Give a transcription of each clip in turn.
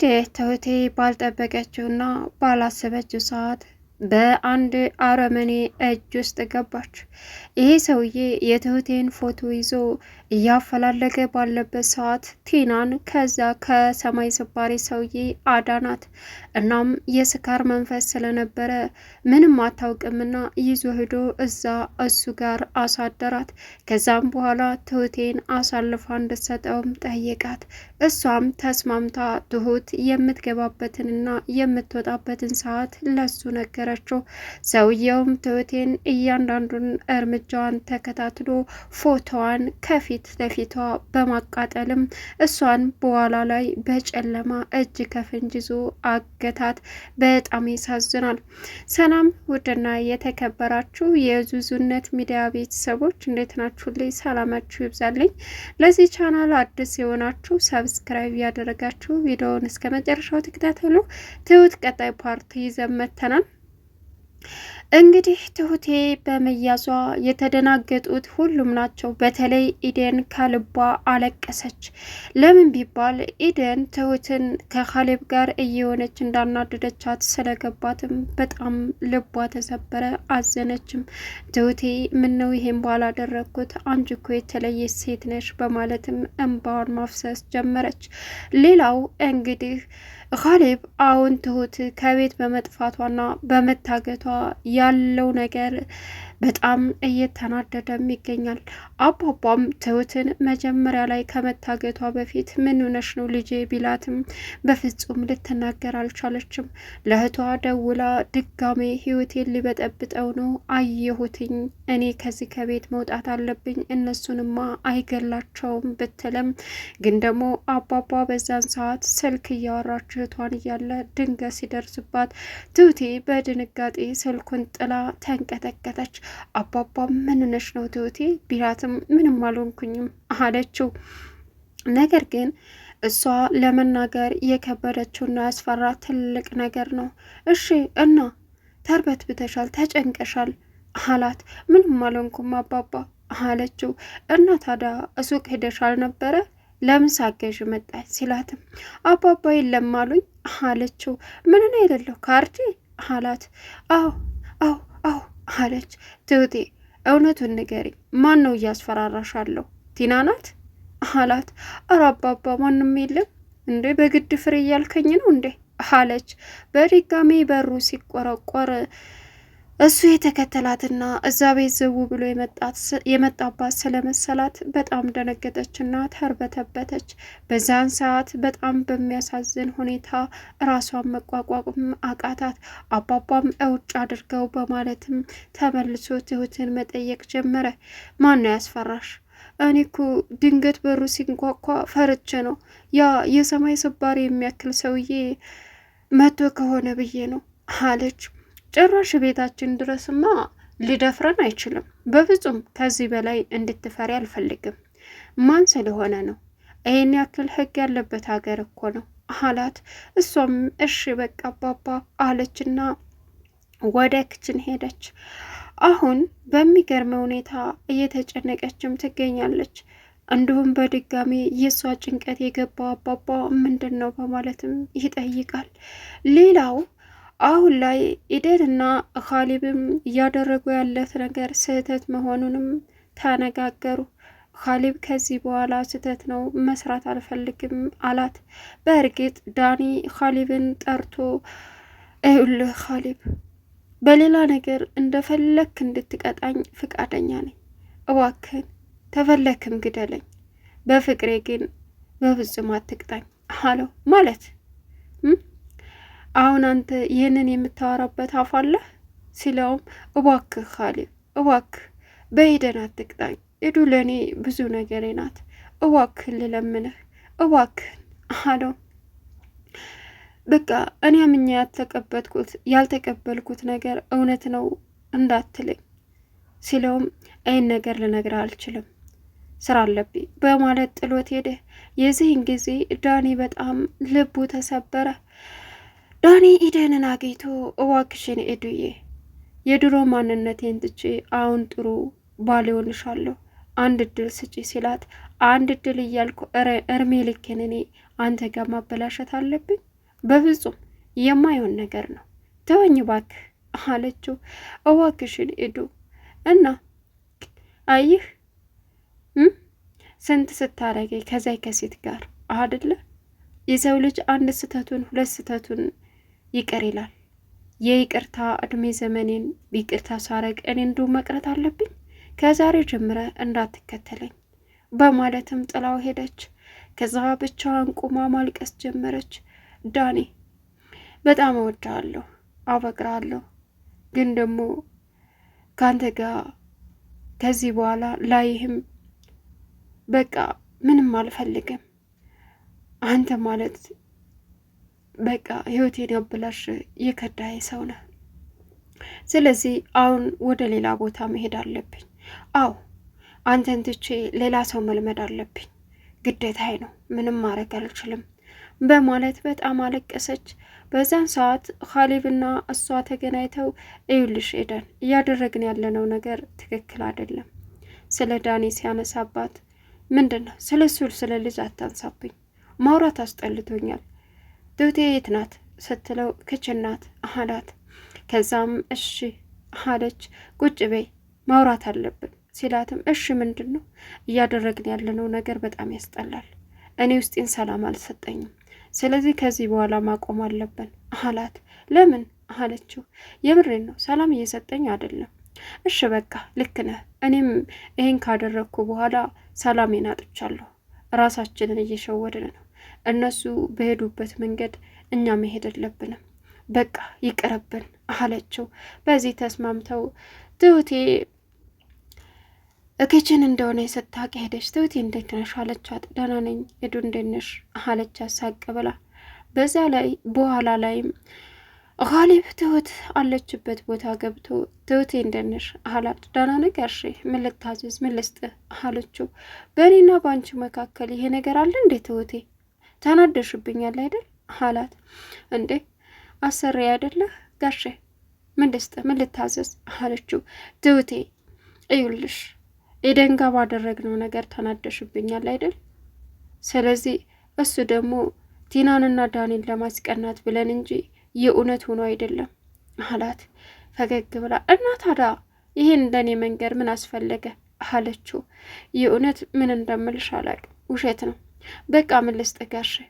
እንግዲህ ትሁቴ ባልጠበቀችውና ባላሰበችው ሰዓት በአንድ አረመኔ እጅ ውስጥ ገባች። ይሄ ሰውዬ የትሁቴን ፎቶ ይዞ እያፈላለገ ባለበት ሰዓት ቲናን ከዛ ከሰማይ ስባሪ ሰውዬ አዳናት። እናም የስካር መንፈስ ስለነበረ ምንም አታውቅምና ይዞ ሄዶ እዛ እሱ ጋር አሳደራት። ከዛም በኋላ ትሁቴን አሳልፋ እንድትሰጠውም ጠየቃት። እሷም ተስማምታ ትሁት የምትገባበትንና የምትወጣበትን ሰዓት ለሱ ነገረችው። ሰውየውም ትሁቴን እያንዳንዱን እርምጃዋን ተከታትሎ ፎቶዋን ከፊት ፊት ለፊቷ በማቃጠልም እሷን በኋላ ላይ በጨለማ እጅ ከፍንጅ ይዞ አገታት። በጣም ያሳዝናል። ሰላም ውድና የተከበራችሁ የዙዙነት ሚዲያ ቤተሰቦች እንዴት ላይ ሰላማችሁ ይብዛልኝ። ለዚህ ቻናል አዲስ የሆናችሁ ሰብስክራይብ ያደረጋችሁ ቪዲዮውን እስከ መጨረሻው ተከታተሉ። ትሁት ቀጣይ ፓርቲ ይዘመተናል። እንግዲህ ትሁቴ በመያዟ የተደናገጡት ሁሉም ናቸው። በተለይ ኢደን ከልቧ አለቀሰች። ለምን ቢባል ኢደን ትሁትን ከካሌብ ጋር እየሆነች እንዳናደደቻት ስለገባትም በጣም ልቧ ተሰበረ፣ አዘነችም። ትሁቴ ምነው ይሄን ባላደረግኩት አንቺ እኮ የተለየች ሴት ነሽ በማለትም እንባዋን ማፍሰስ ጀመረች። ሌላው እንግዲህ ካሌብ አሁን ትሁት ከቤት በመጥፋቷና በመታገቷ ያለው ነገር በጣም እየተናደደም ይገኛል። አባባም ትሁትን መጀመሪያ ላይ ከመታገቷ በፊት ምን ነው ልጄ ቢላትም በፍጹም ልትናገር አልቻለችም። ለእህቷ ደውላ ድጋሜ ህይወቴን ሊበጠብጠው ነው አየሁትኝ፣ እኔ ከዚህ ከቤት መውጣት አለብኝ፣ እነሱንማ አይገላቸውም ብትልም ግን ደግሞ አባባ በዛን ሰዓት ስልክ እያወራች እህቷን እያለ ድንገት ሲደርስባት ትሁቴ በድንጋጤ ስልኩን ጥላ ተንቀጠቀጠች። አባባ ምንነሽ ነው ትሁቴ ቢላትም ምንም አልሆንኩኝም አለችው። ነገር ግን እሷ ለመናገር የከበደችውና ያስፈራ ትልቅ ነገር ነው። እሺ እና ተርበት ብተሻል ተጨንቀሻል አላት። ምንም አልሆንኩም አባባ አለችው። እና ታዲያ እሱቅ ሄደሽ አልነበረ ለምን ሳገዥ መጣች ሲላትም አባባ የለም አሉኝ አለችው። ምንን አይደለሁ ካርዲ አላት። አዎ አዎ አዎ አለች ትሁቴ። እውነቱን ንገሪ፣ ማን ነው እያስፈራራሻለሁ? ቲና ናት አላት። ኧረ አባባ ማንም የለም እንዴ? በግድ ፍሬ እያልከኝ ነው እንዴ? አለች በድጋሜ በሩ ሲቆረቆር እሱ የተከተላትና እዛ ቤት ዘው ብሎ የመጣባት ስለመሰላት በጣም ደነገጠችና ተርበተበተች። በዛን ሰዓት በጣም በሚያሳዝን ሁኔታ ራሷን መቋቋም አቃታት። አባባም እውጭ አድርገው በማለትም ተመልሶ ትሁትን መጠየቅ ጀመረ። ማን ነው ያስፈራሽ? እኔ እኮ ድንገት በሩ ሲንኳኳ ፈርቼ ነው። ያ የሰማይ ስባሪ የሚያክል ሰውዬ መቶ ከሆነ ብዬ ነው አለች። ጭራሽ ቤታችን ድረስማ ሊደፍረን አይችልም። በፍጹም ከዚህ በላይ እንድትፈሪ አልፈልግም። ማን ስለሆነ ነው? ይህን ያክል ህግ ያለበት ሀገር እኮ ነው አላት። እሷም እሺ በቃ አባባ አለችና ወደ ክችን ሄደች። አሁን በሚገርመ ሁኔታ እየተጨነቀችም ትገኛለች። እንዲሁም በድጋሚ የእሷ ጭንቀት የገባው አባባ ምንድን ነው በማለትም ይጠይቃል። ሌላው አሁን ላይ እና ኻሊብም እያደረጉ ያለት ነገር ስህተት መሆኑንም ተነጋገሩ። ኻሊብ ከዚህ በኋላ ስህተት ነው መስራት አልፈልግም አላት። በእርግጥ ዳኒ ኻሊብን ጠርቶ እውልህ ኻሊብ በሌላ ነገር እንደፈለክ እንድትቀጣኝ ፍቃደኛ ነኝ። እዋክን ተፈለክም ግደለኝ፣ በፍቅሬ ግን በፍጹም አትቅጣኝ አለው ማለት አሁን አንተ ይህንን የምታወራበት አፍ አለህ? ሲለውም እባክህ ካሌብ እባክህ በሄደን አትቅጣኝ። እዱ ለእኔ ብዙ ነገሬ ናት። እባክህን ልለምንህ እባክህን አለው። በቃ እኔ አምኜ ያልተቀበልኩት ያልተቀበልኩት ነገር እውነት ነው እንዳትለኝ ሲለውም ይህን ነገር ልነግርህ አልችልም ስራ አለብኝ በማለት ጥሎት ሄደ። የዚህን ጊዜ ዳኒ በጣም ልቡ ተሰበረ። ዳኒ ኢደንን አግኝቶ እዋክሽን ኤዱዬ የድሮ ማንነቴን ትቼ አሁን ጥሩ ባል ሆንሻለሁ፣ አንድ እድል ስጪ ሲላት አንድ እድል እያልኩ እርሜ ልኬን እኔ አንተ ጋር ማበላሸት አለብኝ? በፍጹም የማይሆን ነገር ነው፣ ተወኝ እባክህ አለችው። እዋክሽን እዱ እና አይህ ስንት ስታረገኝ ከዛይ ከሴት ጋር አደለ የሰው ልጅ አንድ ስህተቱን ሁለት ስህተቱን ይቅር ይላል። የይቅርታ እድሜ ዘመኔን ይቅርታ ሳረግ እኔ እንዲሁ መቅረት አለብኝ። ከዛሬ ጀምረ እንዳትከተለኝ በማለትም ጥላው ሄደች። ከዛ ብቻዋን ቁማ ማልቀስ ጀመረች። ዳኔ በጣም እወድሃለሁ፣ አበቅራለሁ ግን ደግሞ ከአንተ ጋር ከዚህ በኋላ ላይህም በቃ ምንም አልፈልግም አንተ ማለት በቃ ህይወቴን ያበላሽ የከዳይ ሰው ነህ። ስለዚህ አሁን ወደ ሌላ ቦታ መሄድ አለብኝ። አዎ አንተን ትቼ ሌላ ሰው መልመድ አለብኝ፣ ግዴታዬ ነው። ምንም ማድረግ አልችልም በማለት በጣም አለቀሰች። በዛን ሰዓት ኻሊብና እሷ ተገናኝተው እዩልሽ ኤደን፣ እያደረግን ያለነው ነገር ትክክል አይደለም። ስለ ዳኒ ሲያነሳባት ምንድን ነው ስለ እሱ ስለ ልጅ አታንሳብኝ፣ ማውራት አስጠልቶኛል ትሁቴ የት ናት ስትለው ክችን ናት አላት። ከዛም እሺ አለች። ቁጭ በይ ማውራት አለብን ሲላትም እሺ ምንድን ነው እያደረግን ያለነው ነገር በጣም ያስጠላል። እኔ ውስጤን ሰላም አልሰጠኝም። ስለዚህ ከዚህ በኋላ ማቆም አለብን አላት። ለምን አለችው። የምሬን ነው ሰላም እየሰጠኝ አይደለም። እሺ በቃ ልክ ነህ። እኔም ይህን ካደረግኩ በኋላ ሰላሜን አጥቻለሁ። ራሳችንን እየሸወድን ነው እነሱ በሄዱበት መንገድ እኛ መሄድ አለብንም፣ በቃ ይቅርብን አለችው። በዚህ ተስማምተው ትሁቴ እክችን እንደሆነ የሰታቅ ሄደች። ትሁቴ እንዴት ነሽ አለቻት። ደህና ነኝ ሄዱ እንዴት ነሽ አለቻት ሳቅ ብላ። በዛ ላይ በኋላ ላይም ኻሊብ ትሁት አለችበት ቦታ ገብቶ ትሁቴ እንዴት ነሽ አላት። ደህና ነገርሽ ምን ልታዘዝ ምን ልስጥ አለችው። በእኔና በአንቺ መካከል ይሄ ነገር አለ እንዴ ትሁቴ ተናደሽብኛል አይደል አላት። እንዴ አሰሪ አይደለህ ጋሼ ምን ልስጥ ምን ልታዘዝ አለችው። ትውቴ እዩልሽ ኤደንጋ ባደረግነው ነገር ተናደሽብኛል አይደል ስለዚህ እሱ ደግሞ ቲናንና ዳኒን ለማስቀናት ብለን እንጂ የእውነት ሆኖ አይደለም አላት ፈገግ ብላ እና ታዲያ ይሄን እንደኔ መንገድ ምን አስፈለገ አለችው የእውነት ምን እንደምልሽ አላውቅም ውሸት ነው በቃ ምን ልስጥህ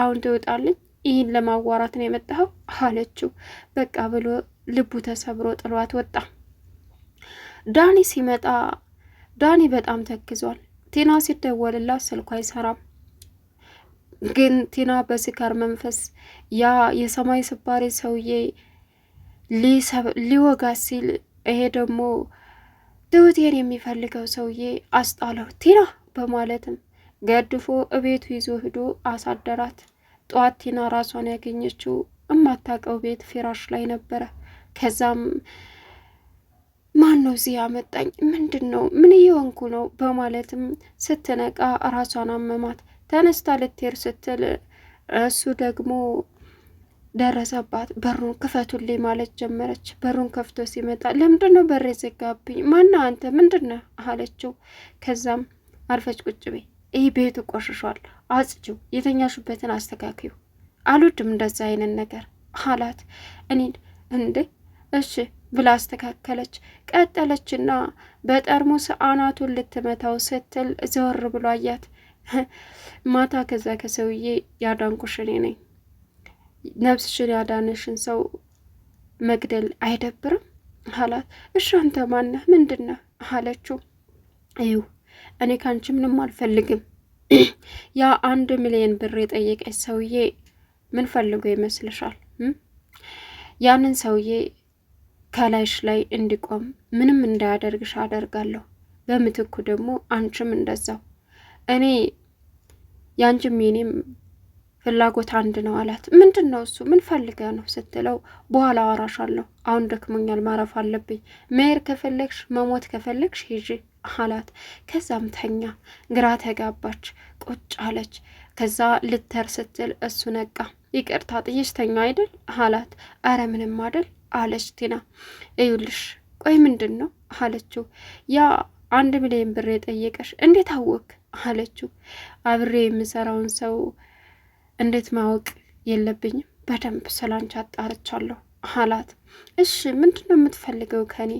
አሁን ትወጣልኝ? ይህን ለማዋራት ነው የመጣኸው አለችው። በቃ ብሎ ልቡ ተሰብሮ ጥሏት ወጣ። ዳኒ ሲመጣ ዳኒ በጣም ተክዟል። ቲና ሲደወልላት ስልኩ አይሰራም። ግን ቲና በስካር መንፈስ ያ የሰማይ ስባሪ ሰውዬ ሊወጋ ሲል ይሄ ደግሞ ትሁቴን የሚፈልገው ሰውዬ አስጣለው ቲና በማለትም ገድፎ እቤቱ ይዞ ሂዶ አሳደራት። ጠዋት ቲና ራሷን ያገኘችው እማታቀው ቤት ፊራሽ ላይ ነበረ። ከዛም ማን ነው እዚህ ያመጣኝ? ምንድን ነው? ምን እየሆንኩ ነው? በማለትም ስትነቃ ራሷን አመማት። ተነስታ ልትሄድ ስትል እሱ ደግሞ ደረሰባት። በሩን ክፈቱልኝ ማለት ጀመረች። በሩን ከፍቶ ሲመጣ ለምንድን ነው በር የዘጋብኝ? ማነህ አንተ? ምንድን ነህ አለችው። ከዛም አርፈች ቁጭ በይ ይህ ቤቱ ቆሽሿል፣ አጽጂው፣ የተኛሹበትን አስተካክዩ። አልወድም እንደዛ አይነት ነገር አላት። እኔን እንዴ እሺ ብላ አስተካከለች። ቀጠለችና በጠርሙስ አናቱን ልትመታው ስትል ዘወር ብሎ አያት። ማታ ከዛ ከሰውዬ ያዳንኩሽ እኔ ነኝ። ነፍስሽን ያዳነሽን ሰው መግደል አይደብርም አላት። እሺ አንተ ማነህ ምንድን ነህ አለችው። ይሁ እኔ ካንቺ ምንም አልፈልግም። ያ አንድ ሚሊዮን ብር የጠየቀች ሰውዬ ምን ፈልጎ ይመስልሻል? ያንን ሰውዬ ከላይሽ ላይ እንዲቆም ምንም እንዳያደርግሽ አደርጋለሁ። በምትኩ ደግሞ አንቺም እንደዛው። እኔ ያንቺም የኔም ፍላጎት አንድ ነው አላት። ምንድን ነው እሱ? ምን ፈልገ ነው ስትለው፣ በኋላ አወራሻለሁ። አሁን ደክሞኛል፣ ማረፍ አለብኝ። መሄድ ከፈለግሽ መሞት ከፈለግሽ ሂጂ አላት። ከዛም ተኛ። ግራ ተጋባች፣ ቁጭ አለች። ከዛ ልተር ስትል እሱ ነቃ። ይቅርታ ጥዬሽ ተኛ አይደል አላት። አረ ምንም አይደል አለች ቲና። እዩልሽ ቆይ ምንድን ነው አለችው። ያ አንድ ሚሊዮን ብር የጠየቀሽ እንዴት አወቅ አለችው። አብሬ የምሰራውን ሰው እንዴት ማወቅ የለብኝም በደንብ ስላንቺ አጣርቻለሁ አላት። እሺ ምንድን ነው የምትፈልገው ከኔ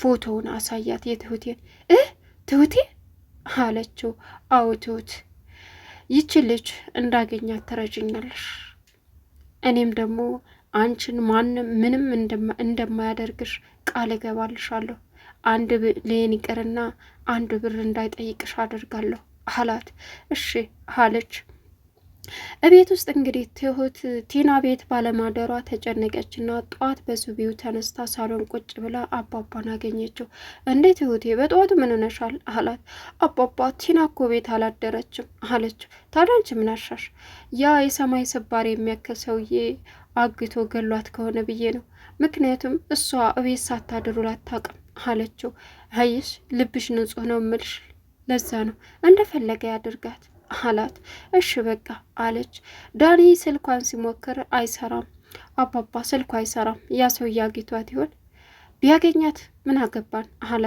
ፎቶውን አሳያት። የትሁቴን እ ትሁቴ አለችው። አዎ ትሁት፣ ይቺ ልጅ እንዳገኛት ትረጅኛለሽ። እኔም ደግሞ አንቺን ማንም ምንም እንደማያደርግሽ ቃል እገባልሻለሁ። አንድ ሌን ይቅርና አንድ ብር እንዳይጠይቅሽ አደርጋለሁ አላት። እሺ አለች። እቤት ውስጥ እንግዲህ ትሁት ቲና ቤት ባለማደሯ ተጨነቀች ጠዋት በሱቢው ተነስታ ሳሎን ቁጭ ብላ አባባን አገኘችው። እንዴ ትሁቴ በጠዋቱ ምን ሆነሻል? አላት። አባባ ቲና እኮ ቤት አላደረችም አለችው። ታዲያ አንቺ ምን አሻሽ? ያ የሰማይ ስባሪ የሚያክል ሰውዬ አግቶ ገሏት ከሆነ ብዬ ነው። ምክንያቱም እሷ እቤት ሳታድሩ ላታቅም አለችው። አይሽ ልብሽ ንጹህ ነው ምልሽ ለዛ ነው እንደፈለገ ያድርጋት አላት። እሺ በቃ አለች። ዳኒ ስልኳን ሲሞክር አይሰራም። አባባ ስልኩ አይሰራም። ያ ሰው አግኝቷት ይሆን? ቢያገኛት ምን አገባን አለ።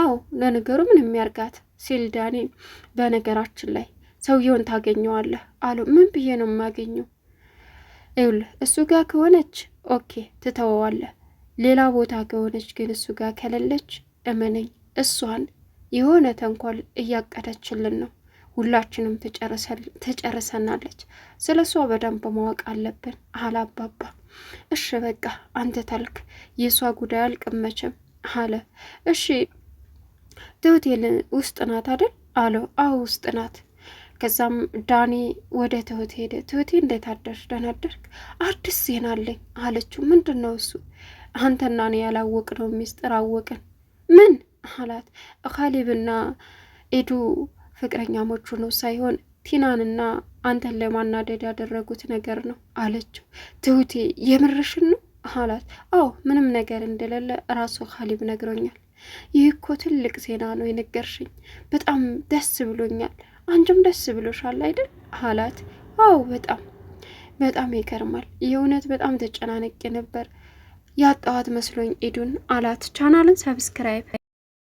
አዎ ለነገሩ ምን የሚያርጋት ሲል ዳኒ፣ በነገራችን ላይ ሰውየውን ታገኘዋለህ አሉ። ምን ብዬ ነው የማገኘው? ይኸውልህ እሱ ጋር ከሆነች ኦኬ ትተወዋለህ። ሌላ ቦታ ከሆነች ግን እሱ ጋር ከሌለች እመነኝ፣ እሷን የሆነ ተንኮል እያቀደችልን ነው ሁላችንም ትጨርሰናለች። ስለ እሷ በደንብ ማወቅ አለብን አለ አባባ። እሺ በቃ አንተ ታልክ የእሷ ጉዳይ አልቅመችም አለ። እሺ ትሁቴል ውስጥ ናት አይደል አለው። አዎ ውስጥ ናት። ከዛም ዳኒ ወደ ትሁት ሄደ። ትሁቴ እንዴት አደርሽ? ደህና አደርክ? አዲስ ዜና አለኝ አለችው። ምንድን ነው እሱ? አንተና እኔ ያላወቅነው ሚስጥር አወቅን። ምን አላት? ካሌብና ኢዱ? ፍቅረኛሞቹ ነው ሳይሆን ቲናንና አንተን ለማናደድ ያደረጉት ነገር ነው አለችው። ትሁቴ የምርሽን ነው አላት። አዎ ምንም ነገር እንደሌለ ራሱ ካሊብ ነግሮኛል። ይህ እኮ ትልቅ ዜና ነው የነገርሽኝ። በጣም ደስ ብሎኛል። አንቺም ደስ ብሎሻል አይደል አላት። አዎ በጣም በጣም ይገርማል። የእውነት በጣም ተጨናነቄ ነበር ያጣዋት መስሎኝ ኢዱን አላት። ቻናልን ሰብስክራይብ